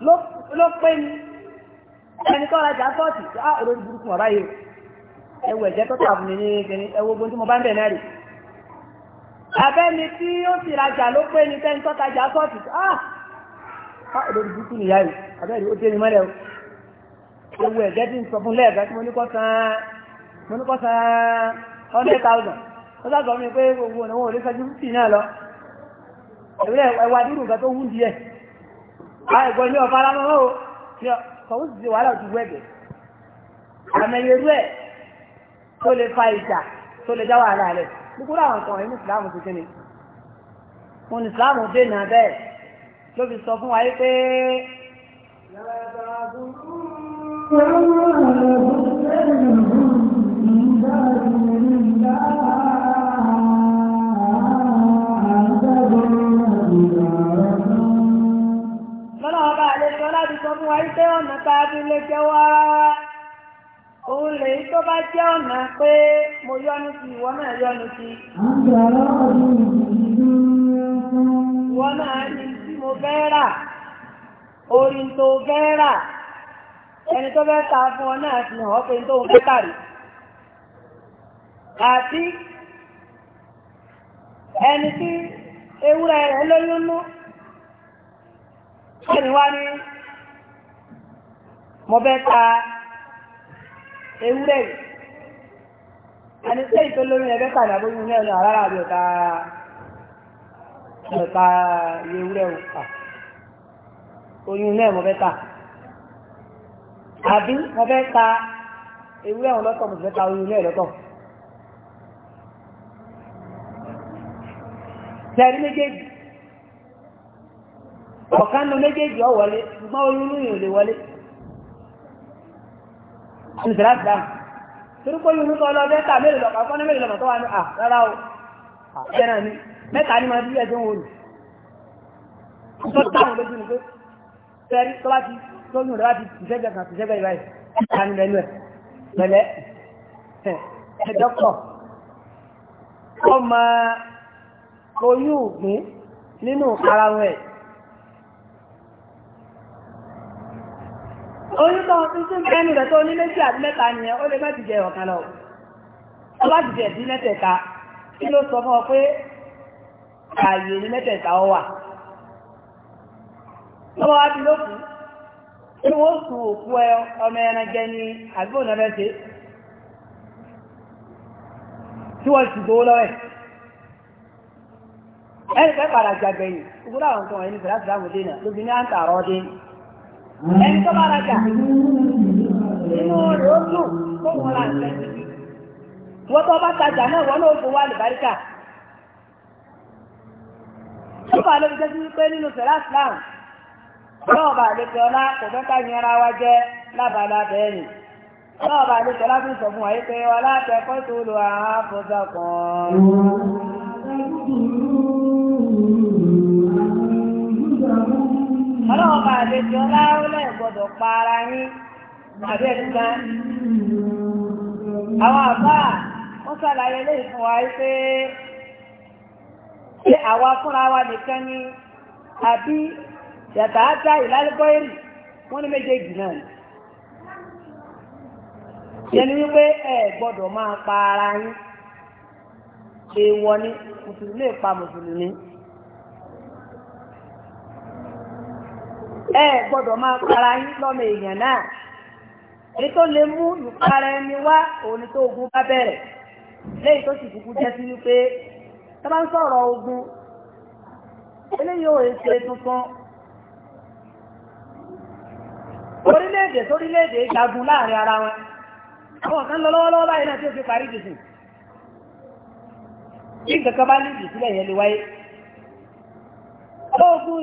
ló pé ní ẹni kọ́ rajà sọ́ọ̀tì á èrò ah, burúkú ọ̀rá yìí ẹwọ ẹ̀jẹ̀ tó tàbí ní kìnní ogun tí mo bá ń bẹ̀ abẹ́ni tí ó sì rajà ló pé ní tẹ́ni tọ́ta jà sọ́ọ̀tì á ah, èrò ah, burúkú nìyá rè abẹ́rẹ́ ó dé ní mọ́lẹ̀ ẹwọ tí ń sọ fún tí mo ní kọ́ àwọn ẹ̀gbọ́n ní ọ̀fà alámọ́ o ní ọ̀kọ̀wé sì ti wàhálà òtún wẹ̀gẹ̀ àmẹ́yẹrú ẹ̀ tó lè fa ìjà tó lè dá wàhálà rẹ̀ gbogbo àwọn nǹkan ẹ̀mí ìsìláàmù ti kíni mo ní ìsìláàmù dènà bẹ́ẹ̀ ló fi sọ fún wa yí pé Thank you. sọ fún wa wípé ọ̀nà tá a fi lè jẹ́wọ́ ara wa òun lè tó bá jẹ́ ọ̀nà pé mo yọ́nu sí ìwọ náà yọ́nu sí. ìwọ náà ní tí mo fẹ́ rà orin tó fẹ́ rà ẹni tó fẹ́ ta fún ọ náà fi hàn pé tó ń fẹ́ tàrí. àti ẹni tí ewúrẹ́ rẹ̀ lóyún nú ẹni wá ní mo fẹ́ ta ewúrẹ́ yìí ẹni sẹ́yìn tó lórí ẹgbẹ́ tàbí abóyún náà ní àrárá àbí ọ̀tá ọ̀tá ewúrẹ́ òkà oyún náà mo fẹ́ ta àbí mo fẹ́ ta ewúrẹ́ òun lọ́tọ̀ mo fẹ́ ta oyún náà lọ́tọ̀. tẹ̀rí méjèèjì ọ̀kan nu méjèèjì ọ̀ wọlé ṣùgbọ́n oyún lóyún ò lè wọlé ní sẹ̀rá sẹ̀rá torípò yìí mú tọ́lọ mẹ́ta mélòó lọ́kà fọ́n ní mélòó lọ́kà tó wà ní ni mẹ́ta ni máa bí ẹ̀sẹ̀ wọn ò tó táwọn lójú ni pé fẹ́rí tó bá ti tó yùn kan tìṣẹ́gbẹ̀ ìbáyìí ká ní lẹ́nu ẹ̀ pẹ̀lẹ́ ẹ̀ dọ́kọ̀ ọmọ oyún ògbìn nínú ara wọn oyún tó ọtún tún kẹ́nu rẹ̀ tó ní méjì àti mẹ́ta nìyẹn ó lè má ti ọ̀kan lọ ó bá ti mẹ́tẹ̀ẹ̀ta kí ló sọ fún ọ pé ààyè ní mẹ́tẹ̀ẹ̀ta ọ wà lọ́wọ́ wá ti lókun tí wọ́n sun òkú ẹ ọmọ ẹran jẹ ní àgbò náà fẹ́ ṣe tí wọ́n sì gbowó fẹ́ padà jàgbẹ̀yìn nǹkan ní ẹni tó bá rajà nínú rẹ̀ ó dùn kó wọn ra nǹkan wọ́n tó bá tajà náà wọ́n náà fowó àlùbáríkà tó bá lóbi jẹ́ sí pé nínú sẹ̀rá islam náà bá lè tẹ ọlá kò fẹ́ ká yẹn wa jẹ́ lábala bẹ́ẹ̀ni náà bá lè tẹ ọlá fún ìsọ̀fún wa yìí pé ọlá tẹ kọ́ tó lo àáfọ́sọ̀ kan. ọba àlejò ọláwọlẹ̀ gbọ́dọ̀ pa ara yín àbẹ́ ẹ̀ka. Àwọn àbá wọ́n ṣàlàyé lè fún wa pé ṣé àwa fúnra wa nìkan ni àbí yàtà ájá ìlálẹ́gbọ́ èrì wọ́n ní méjèèjì náà ni. Yẹni wípé ẹ gbọ́dọ̀ máa pa ara yín. Èèwọ̀ ni Mùsùlùmí pa Mùsùlùmí. ẹ gbọ́dọ̀ máa para yín èèyàn náà èyí tó lè mú ìpara ẹni wá òun ni tó ogun bá bẹ̀rẹ̀ lẹ́yìn tó sì kúkú jẹ́ sí wípé tó bá ń sọ̀rọ̀ ogun eléyìí ò ṣe tuntun orílẹ̀-èdè sórílẹ̀-èdè jagun láàrin ara wọn àwọn kan lọ lọ́wọ́lọ́wọ́ báyìí náà tí ó fi parí bí nǹkan kan bá ní yẹn lè wáyé ogun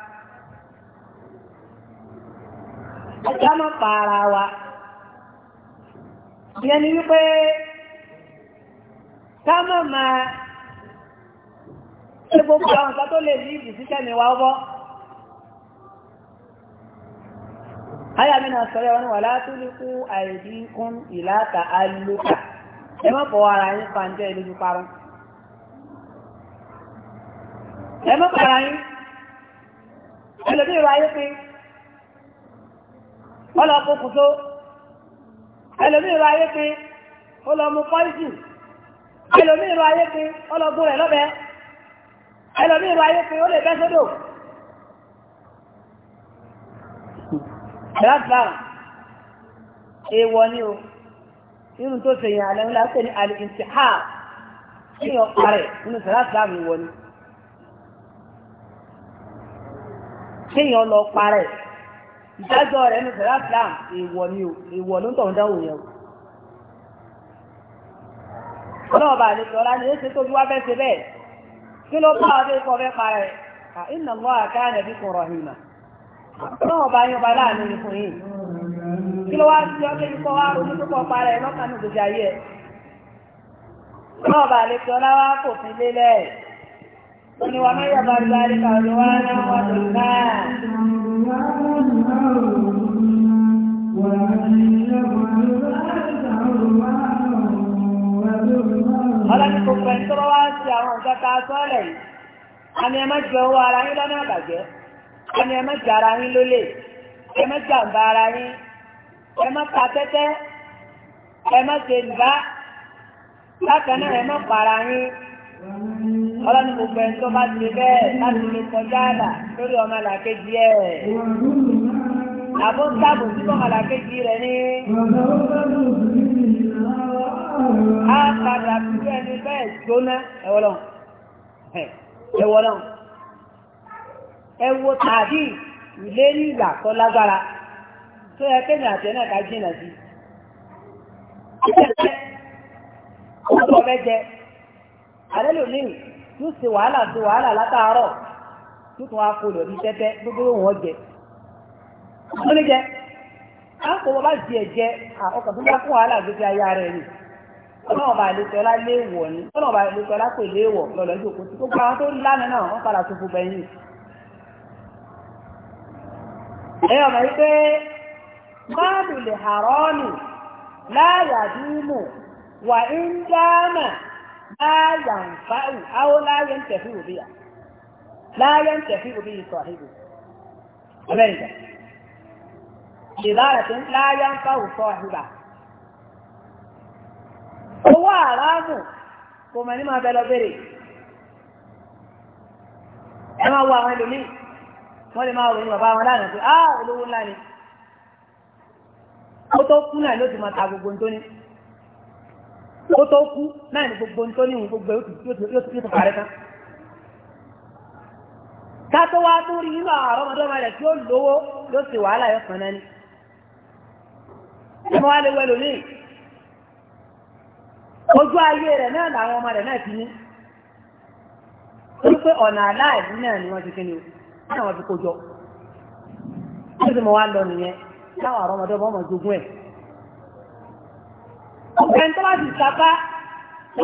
ẹ̀dá má pa wa ìyẹn ni wípé ká má máa ṣe gbogbo àwọn nǹkan tó lè ní ìbùsíṣẹ́ mi wá ọbọ́ Aya mi náà sọ́rọ̀ wọn wà látúlùkú àìdíkún ìlàta alúkà. Ẹ má ara yín pàǹjẹ́ ìlú ju parun. Ẹ ara yín. Ẹlòmíràn ayé pé ọlọ́pọ̀ so ẹlòmíràn ayé pé ọlọ́mú pọ́ìsì ẹlòmíràn ayé pé ọlọ́gbọ́n rẹ̀ lọ́bẹ̀ ẹlòmíràn ayé pé ó lè bẹ́ sódò o tó ìdájọ́ rẹ̀ ní sọ̀rọ̀ islam èèwọ̀ ni o èèwọ̀ ló ń tọ̀ ń dáwò yẹn o. ọlọ́wọ́ bá àlejò ọ̀la ni èsì tó bí wá fẹ́ẹ́ ṣe bẹ́ẹ̀ kí ló bá ọdún ikọ̀ fẹ́ pa rẹ̀ iná mọ́ àká ẹ̀bí kan rọ̀ hìmà. ọlọ́wọ́ bá yín ọba láàánú ni fún kí ló wá sí ọdún ikọ̀ wá onítúpọ̀ pa rẹ̀ lọ́kàn ní gbèsè ayé ẹ̀. ọlọ́wọ́ bá wá kò fi lélẹ̀ Oni wa mẹ́yà bá gbárí kàlùwá náà wà tó náà ọlọ́ni gbogbo ẹni tó bá wá sí àwọn nǹkan ta sọ́ọ̀lẹ̀ yìí àmì ẹ má jẹ owó ara yín lọ́nà àbàjẹ́ àmì ẹ má jẹ ara yín lólè ẹ má jàǹbá ara yín ẹ má ta tẹ́tẹ́ ẹ má ṣe nìbá bákan náà ẹ má gbogbo ẹni tó bá ti bẹ́ẹ̀ láti lè kọjá àlà lórí ọmọ àbó ń sábò sí mọ́kànlá kejì rẹ̀ ní. a padà sí ẹni bẹ́ẹ̀ jóná ẹ̀wọ̀lọ́n ẹ̀wọ̀lọ́n ẹ̀wọ̀ tàbí ìlérí ìgbà tó lágbára tó yẹ kéèmì àti ẹ̀ ká jìnà sí. ọ̀pọ̀ ọ̀bẹ wàhálà ṣe wàhálà látàárọ̀ yóò tún wá kó lọ bí tẹ́tẹ́ gbogbo wọn jẹ. wọ́n ní jẹ́ àpò bá di ẹ̀jẹ̀ ọkàn tó bá fún wàhálà gbégbé ayá rẹ̀ ni ọlọ́run bá lè tọ́lá léèwọ̀ ni ọlọ́run bá lè léèwọ̀ lọ́lọ́ tí gbogbo àwọn tó ń lánàá náà wọ́n padà tó gbogbo ẹ̀yìn. ẹ yìí pé máàlù lè láyà dúmù wà ń láyà ń fáwù ìbáraṣẹ́ láyá ń fáwù fọ́ àhìbà owó àrámù kò mọ̀ ní máa bẹ lọ bèrè ẹ máa wo àwọn ẹlòmíì wọ́n lè máa ròyìn bàbá wọn lánàá pé á olówó ńlá ni ó tó kú náà ló ti máa ta gbogbo ń tó ní ó tó kú náà ní gbogbo ń tó ní gbogbo yóò ti parẹ́ tán ká tó wá tó rí nínú àwọn ọmọdé ọmọ tí ó lówó yóò ṣe wàhálà yóò kàn náà ni. ẹmọ wa lè wẹlò ní ojú ayé rẹ̀ náà làwọn ọmọ rẹ̀ náà ti ní wípé ọ̀nà aláìní náà ni ni o náà wọ́n fi kó jọ wọ́n mọ̀ wá lọ nìyẹn láwọn àrọ́ ọmọdé ọmọ jogún ẹ̀ ọ̀gbẹ́ni tó bá ti sapá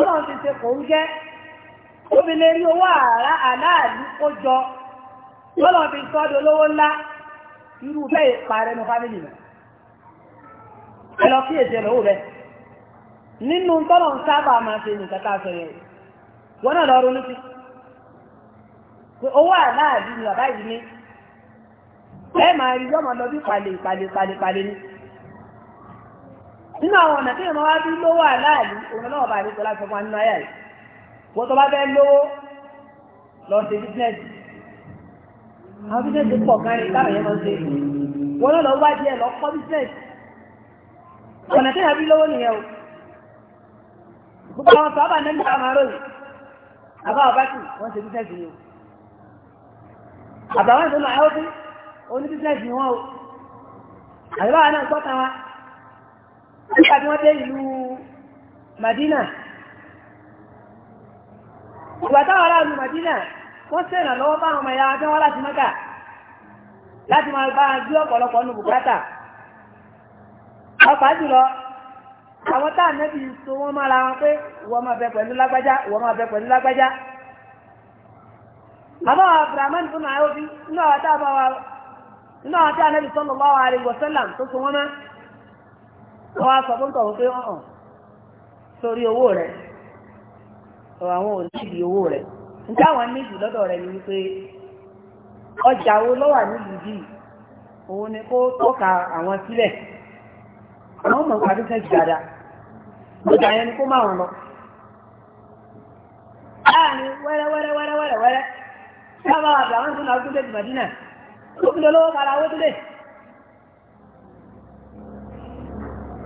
lọ́wọ́ ti ṣe kò ń jẹ́ omi lè rí owó jọ olówó ńlá irú bẹ́ẹ̀ parẹ́ fámìlì ẹ kí èsì ẹ̀lọ́wọ́ rẹ nínú tọ́lọ̀ ń sábà máa ṣe nìkan ká sọ yẹn náà lọ ronú sí owó àláàbí ni bàbá yìí ní ẹ máa rí yọmọ lọ bí palè palè palè palè ni nínú àwọn ọ̀nà tí wá bí lówó òun náà bá rí lọ sí bísínẹ́sì ọ̀nà tí àbí lówó nìyẹn o gbogbo àwọn sọ́ọ́bà nẹ́bí àmàrò yìí àbá ọ̀bátì wọ́n ṣe bísẹ́sì ni o àbáwọn ìdúnà ẹ́ọ́bí oní bísẹ́sì ni wọ́n o àbíbá wa náà gbọ́ta wa nígbà tí wọ́n dé ìlú Madina ìgbà Madina wọ́n ṣèrànlọ́wọ́ báwọn ọmọ ẹ̀yà ọjọ́ wọn láti Mẹ́kà láti máa bá gbé ọ̀pọ̀lọpọ̀ nù bùkátà ọ̀pá jùlọ àwọn tá ànẹ́bí so wọ́n máa ra wọn pé wọ́n máa bẹ pẹ̀lú lágbájá wọ́n máa bẹ pẹ̀lú lágbájá àbá wa abdulrahman fún náà ó bí nínú àwọn tá àbá wa nínú àwọn tá ànẹ́bí sallallahu alaihi wasallam tó so wọ́n mọ́ wọ́n á sọ fún tọ̀hún pé wọ́n hàn sórí owó rẹ̀ ọ̀rọ̀ àwọn ò níbi owó rẹ̀ níta àwọn níbi lọ́dọ̀ ni wípé ọjà wo lọ́wà nílùú na ọmọ nǹkan bísẹ̀ dáadáa ọjà yẹn ni kó máa rán lọ. láàrin wẹ́rẹ́ wẹ́rẹ́ wẹ́rẹ́ wẹ́rẹ́ sábà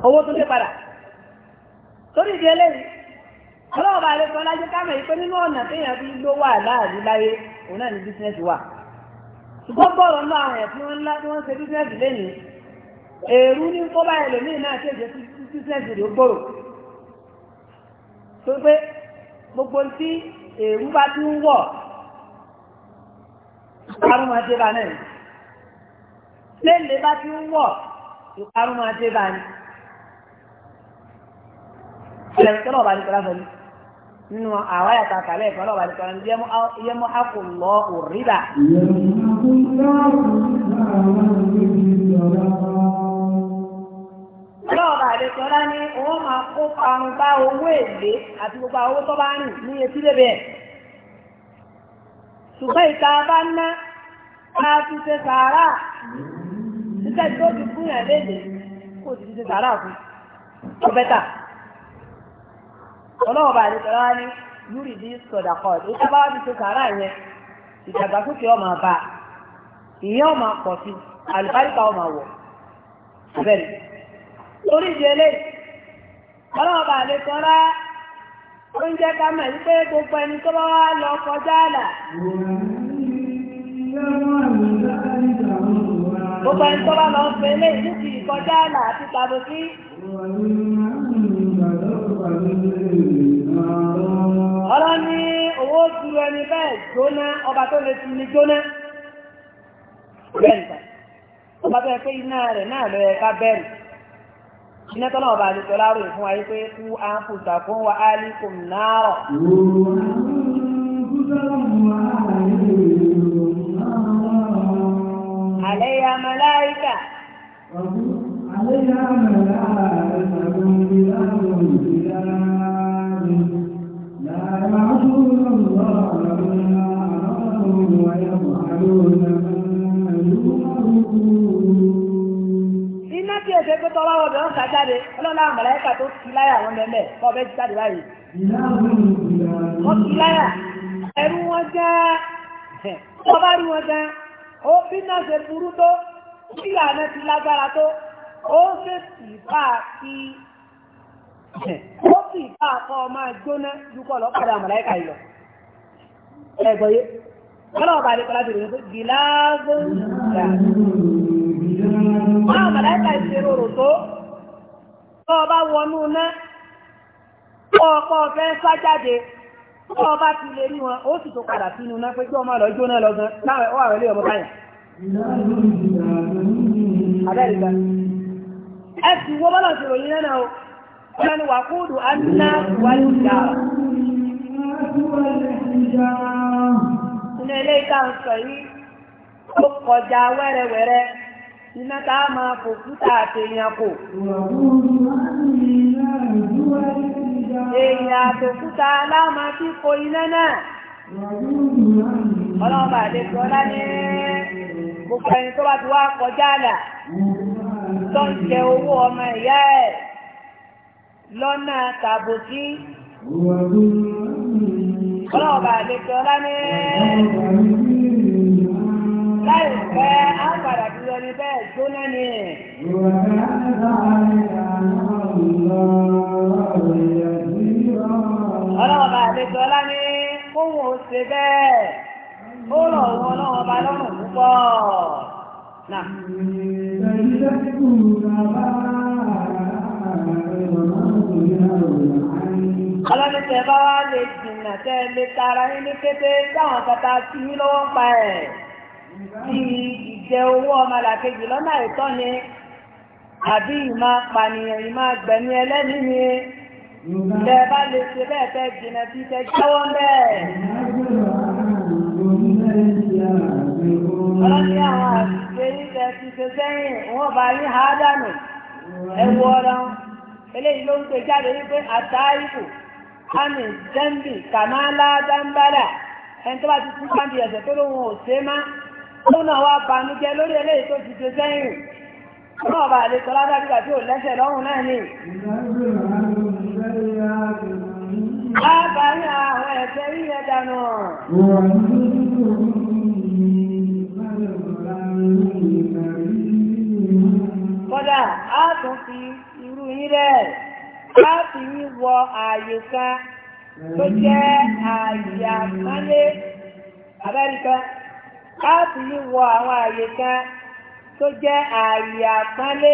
owó padà torí láyé èrú ní kó bá ẹlòmíì náà ṣe ìjẹ́ sísẹ́ǹsì rẹ̀ gbòòrò tó pé gbogbo tí èrú bá tún ń wọ̀ ìparun máa dé bá náà ni léèlé bá tún ń wọ̀ ìparun máa dé bá ni ẹlẹ́yìn tó ní kọ́lá sọ ní nínú àwọn àyàtà àkàlẹ́ ìfọ́n náà bá ní bá ní wọ́n máa kó parun bá owó èlé àti gbogbo owó tó bá rìn ní etí lébẹ̀ ṣùgbọ́n ìta bá ná ká fi ṣe sàárà títẹ̀ tó ti fún yàn léde kò sì fi ṣe sàárà fún ọbẹ̀ta. ọlọ́wọ́ bá àdìsọ́ wá yúrì bí sọ̀dà kọ́ tó bá fi ṣe sàárà lórí ìdílé ọlọ́ọ̀bà lè tọ́ra ó gbogbo ẹni tó bá lọ kọjá àlà gbogbo ẹni tó lọ kọjá àlà àti ni ní owó dúró ẹni bẹ́ẹ̀ jóná ọba tó lè ti jóná ọba tó pé iná tọ́lá ọba àdìsọ láàrọ̀ ìfún ayé pé kú à ń fòsà fún wa áálí náà. àlẹ́ ya màláìkà. àlẹ́ ṣe pé tọ́lá ọ̀dọ̀ ń sá jáde ọlọ́lá àmàlẹ́kà tó ti láyà wọn bẹ́ẹ̀ kọ́ ọbẹ̀ ti jáde báyìí. wọ́n ti láyà ẹ̀rú wọn já wọ́n bá rí wọn já ó bí náà ṣe burú tó bí àná ti lágbára tó ó ṣe sì bá a kí ó sì bá a kọ́ ọ máa jóná dúkọ̀ lọ́pàdà àmàlẹ́kà yìí lọ. ọlọ́wọ́ bá lè kọ́lá bèrè wípé gíláàbù ìjà wọn àwọn màláìka ìṣeré òrò tó tó ọba wọnú ná tó ọkọ ọba ti wọn ó sì tó padà sínú ná pé ọmọ lọ jóná lọ gan iná ilé ìta ń sọ yìí ó kọjá wẹ́rẹ́wẹ́rẹ́ iná tá a máa fò kúta àtẹ̀yìn àpò. èèyàn àtòkúta láàmà tí kò iná náà. ọlọ́run bá lè sọ gbogbo ẹni tó bá ti wá kọjá àlà tó ń jẹ owó ọmọ ìyá ẹ̀ lọ́nà tàbùkí. ọlọ́ọ̀bà àlejò ọlá ní láìpẹ́ àpàdà tí lọ ní bẹ́ẹ̀ gbóná ni. ọlọ́ọ̀bà àlejò ọlá ní kóhùn ó ṣe bẹ́ẹ̀ ó rọ̀ wọn ọlọ́wọ́ ọba lọ́rùn púpọ̀. Nah. Thank you ọlọ́nìtẹ̀ bá wá lè jìnnà tẹ́ lè tara yín ní kété táwọn kata sí yín lọ́wọ́ pa ẹ̀ bí ìjẹ owó ọmọlàkejì lọ́nà ìtọ́ ni àbí ìmá pànìyàn ìmá gbẹ̀mí ẹlẹ́ni ni tẹ́ bá lè ṣe bẹ́ẹ̀ tẹ́ jìnnà sí tẹ́ jáwọ́ bẹ́ẹ̀. ọlọ́ni àwọn àṣìṣe yín tẹ́ ti ṣe sẹ́yìn wọ́n bá yín há dànù ẹ̀wọ̀ ọ̀rọ̀ eléyìí ló ń pè jáde wípé àtàáyìkù. Ami dẹ́mbì kàmáàlá dáńbàlà ẹni tó bá ti kú pàǹdì ẹ̀sẹ̀ tó lóhun ò ṣe má tó náà wá banújẹ́ lórí eléyìí tó ti ṣe sẹ́yìn náà bá lè sọ ládàbígbà tí ò lẹ́sẹ̀ lọ́hùn náà ni. Lábàárín a tún fi irú yín rẹ̀. láti wíwọ ààyè kan tó jẹ́ ààyè àpánlé láti wíwọ àwọn ààyè tó jẹ́ ààyè àpánlé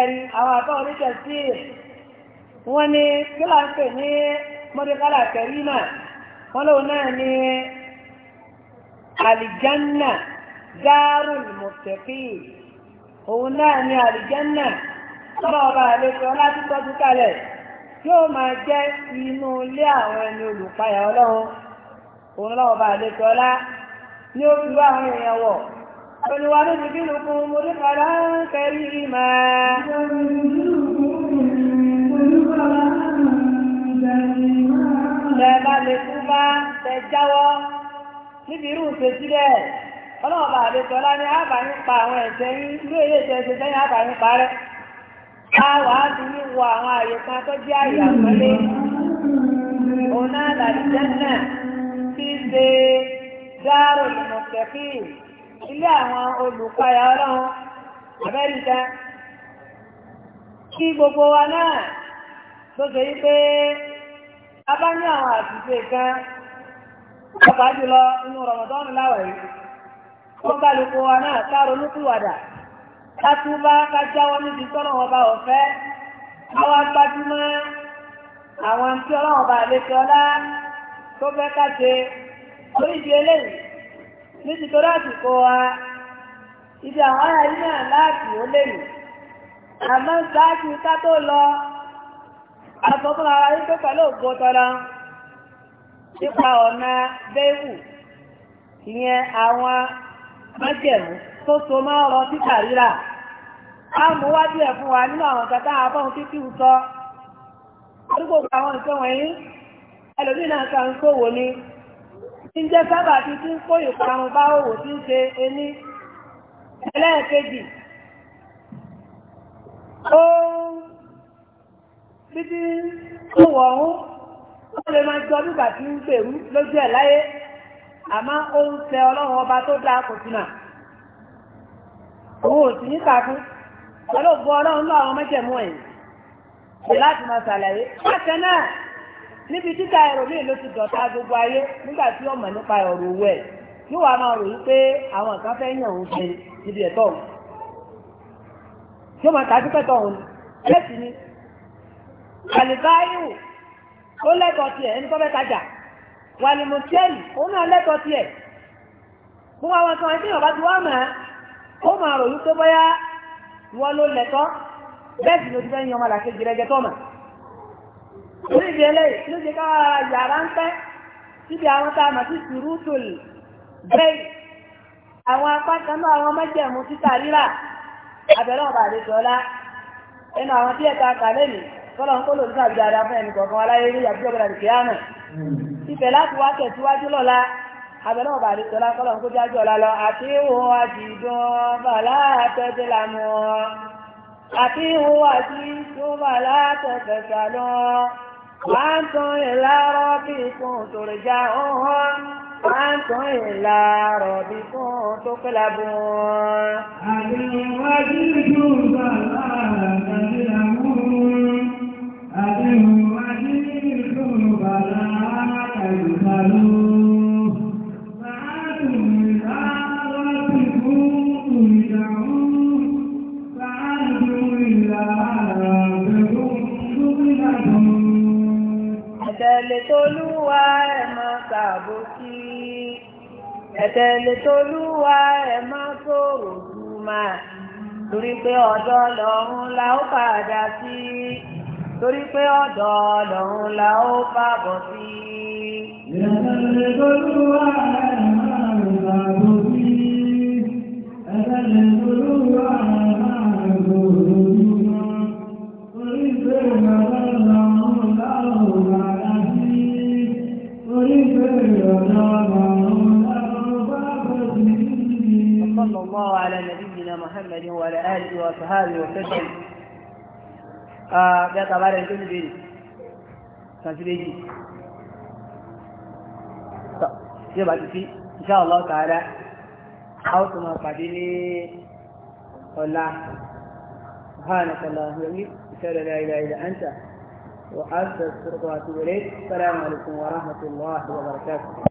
ẹni àwọn àbá oníṣẹ́ sí wọ́n ní kíláàpè ní mọ́dékálà wọ́n lóun náà àlìjánà òun náà ọba ọba àlejò láti tọ́jú kalẹ̀ yóò máa jẹ́ inú ilé àwọn ẹni olùpayà ọlọ́run òun lọ́wọ́ àlejò ọlá ní ó fi wá àwọn èèyàn wọ̀ olùwà ló ti bínú fún mo ní ń kẹrí lè bá tẹ jáwọ́ níbi ní àwọn yín Àwọn àdúgbò wo àwọn àyè kan tó jẹ́ àyè àpọ́lé. Òun náà náà ti ṣe dáàrò lọ́nà Ilé àwọn olùpayà ọlọ́run Kí gbogbo wa náà tó ṣe yí pé a bá ní àwọn àṣìṣe kan pàápàá jùlọ inú Rọ̀mọ̀dọ́nù wa náà kátúbá kájáwọ́ níbi tọ́lọ̀ bá ọ̀fẹ́ káwá gbájúmọ́ àwọn tí ọlọ́wọ́n bá ọlá tó fẹ́ káṣe ibi àwọn ará yìí náà láti ó léyìí àmọ́ ṣáájú ká tó lọ àtọ́kùn ara yìí tó pẹ̀lú ògbó tọ́lọ́ nípa ọ̀nà bẹ́ẹ̀wù ìyẹn àwọn májẹ̀mú. tó so mọ́ ọ̀rọ̀ títà rírà á mú wá díẹ̀ fún wa nínú àwọn kàtà àbọ̀n títí ń sọ àdúgbò àwọn nǹkan wọ̀nyí ẹlòmínà kan ń kówò ni ń jẹ́ sábà ti ti ń kó ìparun bá òwò tí ń ṣe ení ẹlẹ́ẹ̀kejì ó títí òwò ọ̀hún ó lè máa jọ nígbà tí ń gbèrú lójú ẹ̀ láyé àmọ́ ó ń tẹ ọlọ́run ọba tó dáa kò sí náà òun ò sì ní kàkún pẹ̀lú ògbó ọlọ́run lọ àwọn mẹ́jẹ̀mú ẹ̀ ṣe láti máa ṣàlàyé bákan náà níbi títà ẹròmíì ló ti dọ̀tá gbogbo ayé nígbà tí ọmọ nípa ọ̀rọ̀ owó ẹ̀ yóò wá máa pé àwọn nǹkan fẹ́ yàn òun ṣe níbi ẹ̀tọ́ òun yóò máa tàbí òun ni ó lẹ́tọ̀ọ́ tiẹ̀ ẹni tó fẹ́ tajà òun náà lẹ́tọ̀ọ́ tiẹ̀ ó máa rò wípé bóyá ìwọ ló lẹ̀tọ́ bẹ́ẹ̀ sì ló ti fẹ́ yan ọmọ làkejì rẹ jẹ tọ́mà orí ìdí ẹlẹ́yìí ló ṣe káwá yàrá ń pẹ́ síbi àwọn tá a mọ̀ sí sùrùtùl bẹ́ẹ̀ àwọn apá kan náà àwọn mẹ́jẹ̀mú títà rírà abẹ́rẹ́ ọ̀bà àlejò ọlá ẹnu àwọn tí ẹ̀ka kàlẹ́ mi kọ́lọ̀ ń kó lòdì sàbí dáadáa fún ẹnì kọ̀ọ̀kan aláyé rí àbújọ́ gbọ́dọ̀ nìkéyàmẹ̀ ìfẹ́ láti wá tẹ̀síwájú lọ́la abẹ́rẹ́ ọba àdìsọ́lá kọ́lọ̀ ń kójú àjọ lálọ́ àti ìhùn àdìdùn bàlá àtẹ́tẹ́ lànà àti ìhùn àdìdùn bàlá àtẹ́tẹ́ sànà wà á tún ìlàrọ̀ bí kún tòrìjà ọ̀hún wà á tún ìlàrọ̀ bí kún tó pẹ́lá bù wọ́n. àdìhùn àdìdùn bàlá lànà àdìhùn àdìdùn bàlá àtẹ́tẹ́ lànà. tàbókí ẹ̀tẹ̀lẹ̀ tolúwa ẹ̀ má tòrò dùmà torí pé ọ̀dọ̀ lọ́run la ó padà sí torí pé ọ̀dọ̀ lọ́run la ó fàbọ̀ sí. ẹ̀tẹ̀lẹ̀ tolúwa ẹ̀ má tàbókí ẹ̀tẹ̀lẹ̀ tolúwa ẹ̀ má tòrò dùmà torí pé ọ̀dọ̀ lọ́run. وصلى الله على نبينا محمد وعلى آله وصحبه وسلم آه، يا طبعا يقول لي تسليجي يبقى تسي إن شاء الله تعالى حوت ما ولا سبحانك اللهم وبحمدك أشهد أن لا إله إلا أنت وأستغفرك وأتوب إليك السلام عليكم ورحمة الله وبركاته